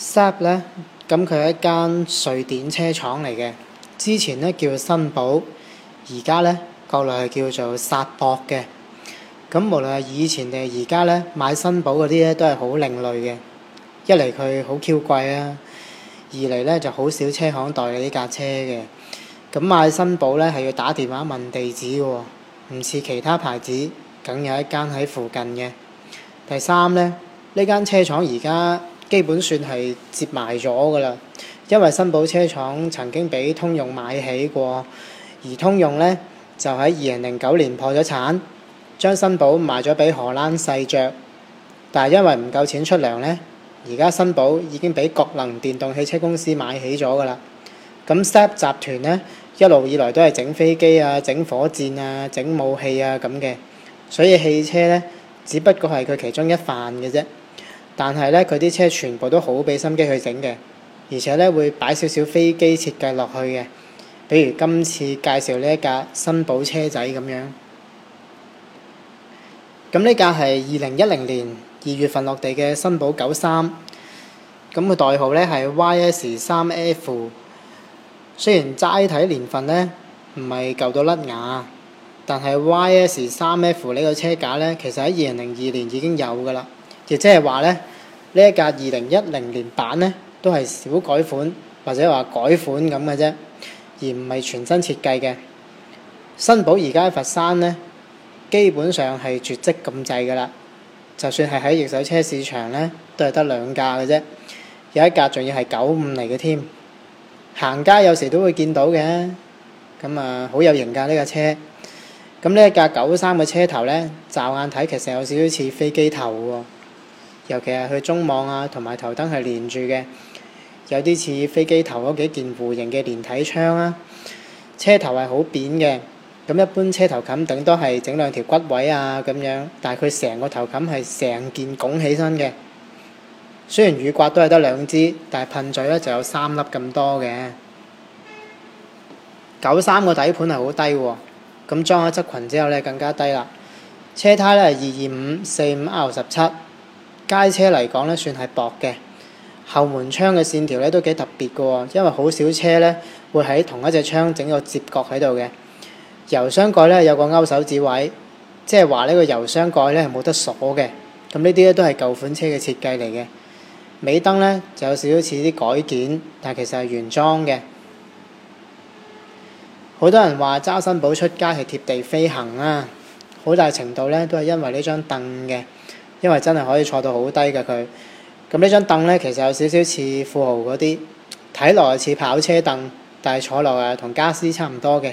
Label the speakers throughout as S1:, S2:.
S1: SAAB 咧，咁佢係一間瑞典車廠嚟嘅，之前呢，叫新寶，而家呢，國內係叫做薩博嘅。咁無論係以前定係而家呢，買新寶嗰啲咧都係好另類嘅，一嚟佢好 Q 貴啊，二嚟呢，就好少車行代理呢架車嘅。咁買新寶呢，係要打電話問地址喎，唔似其他牌子梗有一間喺附近嘅。第三呢，呢間車廠而家，基本算係摺埋咗㗎啦，因為紳寶車廠曾經俾通用買起過，而通用呢，就喺二零零九年破咗產，將紳寶賣咗俾荷蘭世爵，但係因為唔夠錢出糧呢，而家紳寶已經俾國能電動汽車公司買起咗㗎啦。咁 Saab 集團呢，一路以來都係整飛機啊、整火箭啊、整武器啊咁嘅，所以汽車呢，只不過係佢其中一範嘅啫。但係呢，佢啲車全部都好俾心機去整嘅，而且呢，會擺少少飛機設計落去嘅。比如今次介紹呢一架紳寶車仔咁樣。咁呢架係二零一零年二月份落地嘅紳寶九三，咁個代號呢，係 YS 三 F。雖然齋睇年份呢，唔係舊到甩牙，但係 YS 三 F 呢個車架呢，其實喺二零零二年已經有㗎啦。亦即係話呢，呢一架二零一零年版呢，都係小改款或者話改款咁嘅啫，而唔係全新設計嘅。紳寶而家喺佛山呢，基本上係絕跡咁滯噶啦。就算係喺二手車市場呢，都係得兩架嘅啫。有一架仲要係九五嚟嘅添，行街有時都會見到嘅。咁啊，好有型㗎呢架車。咁呢一架九三嘅車頭呢，乍眼睇其實有少少似飛機頭喎。尤其係佢中網啊，同埋頭燈係連住嘅，有啲似飛機頭嗰幾件弧形嘅連體窗啊。車頭係好扁嘅，咁一般車頭冚頂都係整兩條骨位啊咁樣，但係佢成個頭冚係成件拱起身嘅。雖然雨刮都係得兩支，但係噴嘴呢就有三粒咁多嘅。九三個底盤係好低喎，咁裝咗側裙之後呢更加低啦。車胎呢係二二五四五 R 十七。街車嚟講咧，算係薄嘅。後門窗嘅線條咧都幾特別嘅喎、哦，因為好少車咧會喺同一隻窗整個折角喺度嘅。油箱蓋咧有個勾手指位，即係話呢個油箱蓋咧係冇得鎖嘅。咁呢啲咧都係舊款車嘅設計嚟嘅。尾燈呢就有少少似啲改件，但其實係原裝嘅。好多人話揸紳寶出街係貼地飛行啊，好大程度呢都係因為呢張凳嘅。因為真係可以坐到好低嘅佢，咁呢張凳呢，其實有少少似富豪嗰啲，睇落似跑車凳，但係坐落啊同家私差唔多嘅。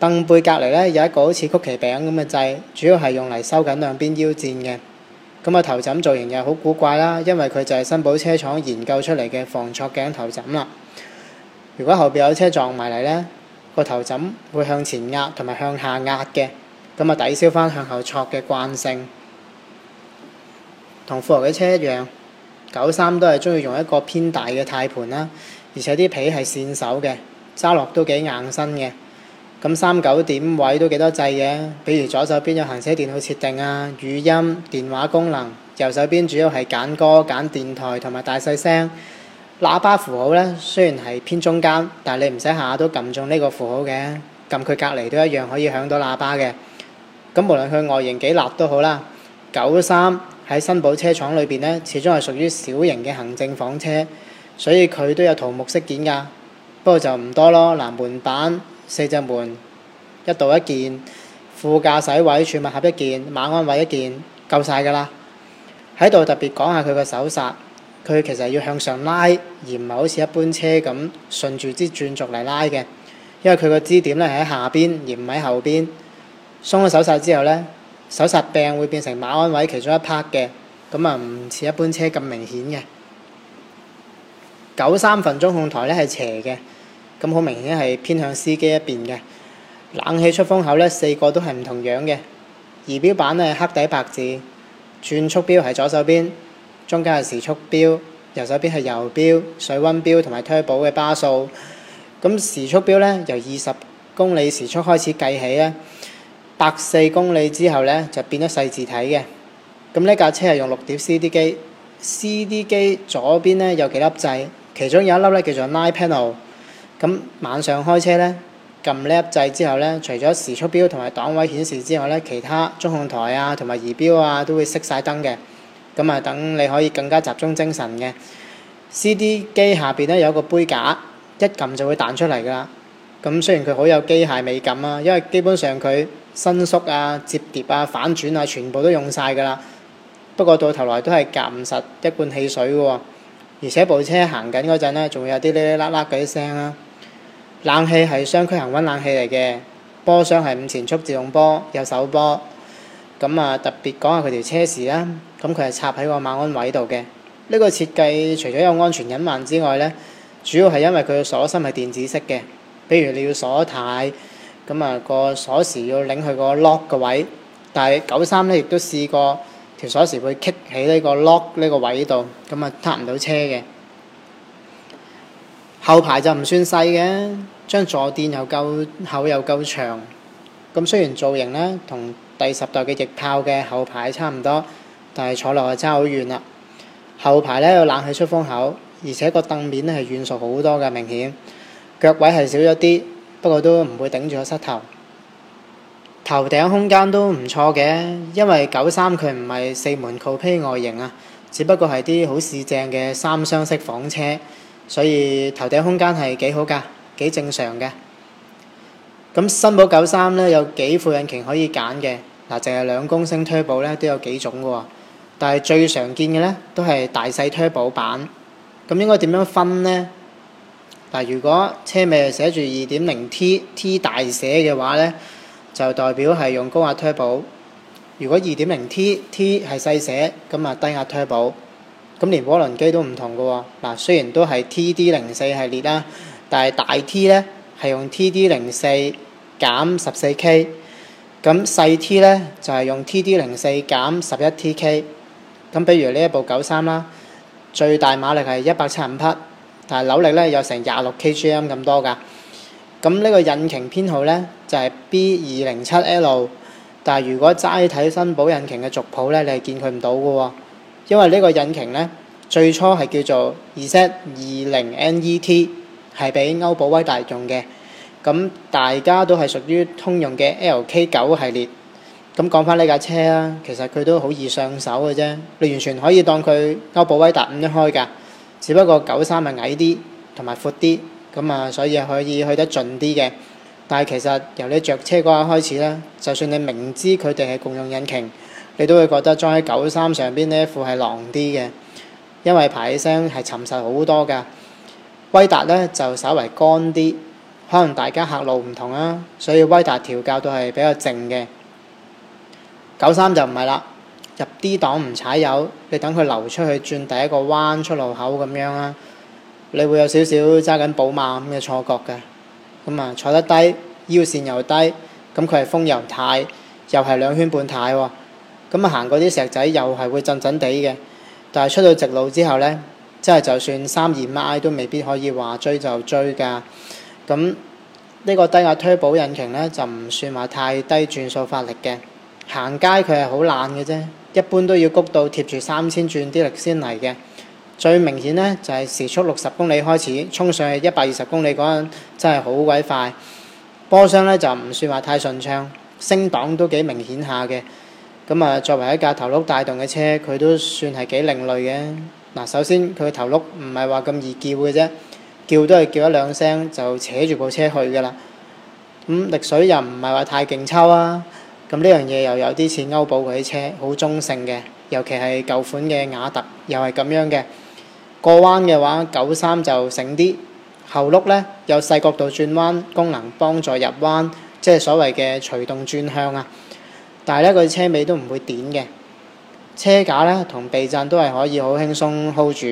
S1: 凳背隔離呢，有一個好似曲奇餅咁嘅掣，主要係用嚟收緊兩邊腰墊嘅。咁啊個頭枕造型又好古怪啦，因為佢就係紳寶車廠研究出嚟嘅防挫頸頭枕啦。如果後邊有車撞埋嚟呢，個頭枕會向前壓同埋向下壓嘅，咁啊抵消翻向後挫嘅慣性。同富豪嘅車一樣，九三都係中意用一個偏大嘅軚盤啦，而且啲皮係線手嘅，揸落都幾硬身嘅。咁三九點位都幾多掣嘅，比如左手邊有行車電腦設定啊、語音、電話功能，右手邊主要係揀歌、揀電台同埋大細聲。喇叭符，符號呢雖然係偏中間，但係你唔使下下都撳中呢個符號嘅，撳佢隔離都一樣可以響到喇叭嘅。咁無論佢外形幾立都好啦，九三。喺紳寶車廠裏邊呢，始終係屬於小型嘅行政房車，所以佢都有桃木飾件㗎，不過就唔多咯。嗱，門板四隻門，一度一件，副駕駛位儲物盒一件，馬鞍位一件，夠晒㗎啦。喺度特別講下佢個手剎，佢其實要向上拉，而唔係好似一般車咁順住支轉軸嚟拉嘅，因為佢個支點咧喺下邊，而唔喺後邊。鬆咗手剎之後呢。手剎柄會變成馬鞍位其中一 part 嘅，咁啊唔似一般車咁明顯嘅。九三分中控台呢係斜嘅，咁好明顯係偏向司機一邊嘅。冷氣出風口呢，四個都係唔同樣嘅。儀表板咧係黑底白字，轉速表係左手邊，中間係時速表，右手邊係油表、水溫表同埋 Turbo 嘅巴數。咁時速表呢，由二十公里時速開始計起咧。百四公里之後呢，就變咗細字體嘅。咁呢架車係用六碟 C D 機，C D 機左邊呢有幾粒掣，其中有一粒呢叫做 Night Panel。咁晚上開車呢，撳呢粒掣之後呢，除咗時速錶同埋檔位顯示之外呢，其他中控台啊同埋儀表啊都會熄晒燈嘅。咁啊，等你可以更加集中精神嘅。C D 機下邊呢有個杯架，一撳就會彈出嚟噶啦。咁雖然佢好有機械美感啊，因為基本上佢。伸縮啊、摺疊啊、反轉啊，全部都用晒㗎啦。不過到頭來都係夾唔實一罐汽水喎。而且部車行緊嗰陣呢，仲會有啲哩哩啦啦嗰啲聲啦。冷氣係雙區恆溫冷氣嚟嘅，波箱係五前速自動波，有手波。咁啊，特別講下佢條車匙啦、啊。咁佢係插喺個馬鞍位度嘅。呢個設計除咗有安全隱患之外呢，主要係因為佢嘅鎖芯係電子式嘅。比如你要鎖軚。咁啊，個鎖匙要擰去個 lock 嘅位，但係九三呢，亦都試過條鎖匙會棘喺呢個 lock 呢個位度，咁啊，撻唔到車嘅。後排就唔算細嘅，張坐墊又夠厚又夠長。咁雖然造型呢，同第十代嘅翼豹嘅後排差唔多，但係坐落係差好遠啦。後排呢，有冷氣出風口，而且個凳面呢係軟熟好多嘅，明顯腳位係少咗啲。不過都唔會頂住個膝頭，頭頂空間都唔錯嘅，因為九三佢唔係四門 coupé 外形啊，只不過係啲好市正嘅三廂式房車，所以頭頂空間係幾好噶，幾正常嘅。咁紳寶九三呢，有幾副引擎可以揀嘅，嗱，淨係兩公升 turbo 呢都有幾種嘅喎，但係最常見嘅呢，都係大細 turbo 版，咁應該點樣分呢？嗱，如果車尾係寫住二點零 T T 大寫嘅話咧，就代表係用高壓 turbo。如果二點零 T T 係細寫，咁啊低壓 turbo。咁連渦輪機都唔同嘅喎。嗱，雖然都係 T D 零四系列啦，但係大 T 咧係用 T D 零四減十四 K。咁細 T 咧就係、是、用 T D 零四減十一 T K。咁比如呢一部九三啦，最大馬力係一百七十五匹。但係扭力咧有成廿六 kgm 咁多噶，咁呢個引擎編號呢，就係 B 二零七 L，但係如果齋睇紳寶引擎嘅族譜呢，你係見佢唔到嘅喎，因為呢個引擎呢，最初係叫做 Z 二零 NET，係俾歐寶威大眾嘅，咁大家都係屬於通用嘅 LK 九系列，咁講翻呢架車啊，其實佢都好易上手嘅啫，你完全可以當佢歐寶威達五一開㗎。只不過九三係矮啲同埋闊啲，咁啊，所以可以去得盡啲嘅。但係其實由你著車嗰日開始咧，就算你明知佢哋係共用引擎，你都會覺得裝喺九三上邊呢副係狼啲嘅，因為排氣聲係沉實好多噶。威達呢就稍為乾啲，可能大家客路唔同啊，所以威達調教都係比較靜嘅，九三就唔係啦。入 D 檔唔踩油，你等佢流出去轉第一個彎出路口咁樣啊，你會有少少揸緊寶馬咁嘅錯覺嘅。咁、嗯、啊，坐得低，腰線又低，咁佢係風油軚，又係兩圈半軚喎、哦。咁、嗯、啊，行過啲石仔又係會震震地嘅。但係出到直路之後呢，即係就算三二五米都未必可以話追就追噶。咁、嗯、呢、這個低壓 turbo 引擎呢，就唔算話太低轉數發力嘅，行街佢係好懶嘅啫。一般都要谷到貼住三千轉啲力先嚟嘅，最明顯呢，就係時速六十公里開始衝上去一百二十公里嗰陣真係好鬼快，波箱呢，就唔算話太順暢，升檔都幾明顯下嘅。咁啊，作為一架頭轆帶動嘅車，佢都算係幾另類嘅。嗱，首先佢嘅頭轆唔係話咁易叫嘅啫，叫都係叫一兩聲就扯住部車去嘅啦。咁力水又唔係話太勁抽啊。咁呢樣嘢又有啲似歐寶嗰啲車，好中性嘅，尤其係舊款嘅雅特又係咁樣嘅。過彎嘅話，九三就醒啲。後轆呢，有細角度轉彎功能，幫助入彎，即係所謂嘅隨動轉向啊。但係呢，佢車尾都唔會點嘅。車架呢，同避震都係可以好輕鬆 hold 住。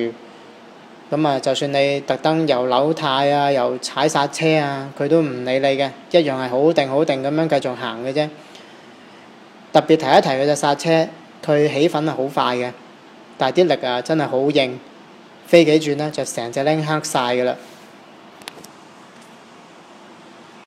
S1: 咁啊，就算你特登又扭軚啊，又踩煞車啊，佢都唔理你嘅。一樣係好定好定咁樣繼續行嘅啫。特別提一提佢隻剎車，佢起粉係好快嘅，但係啲力啊真係好硬，飛幾轉呢，就成隻拎黑晒嘅啦。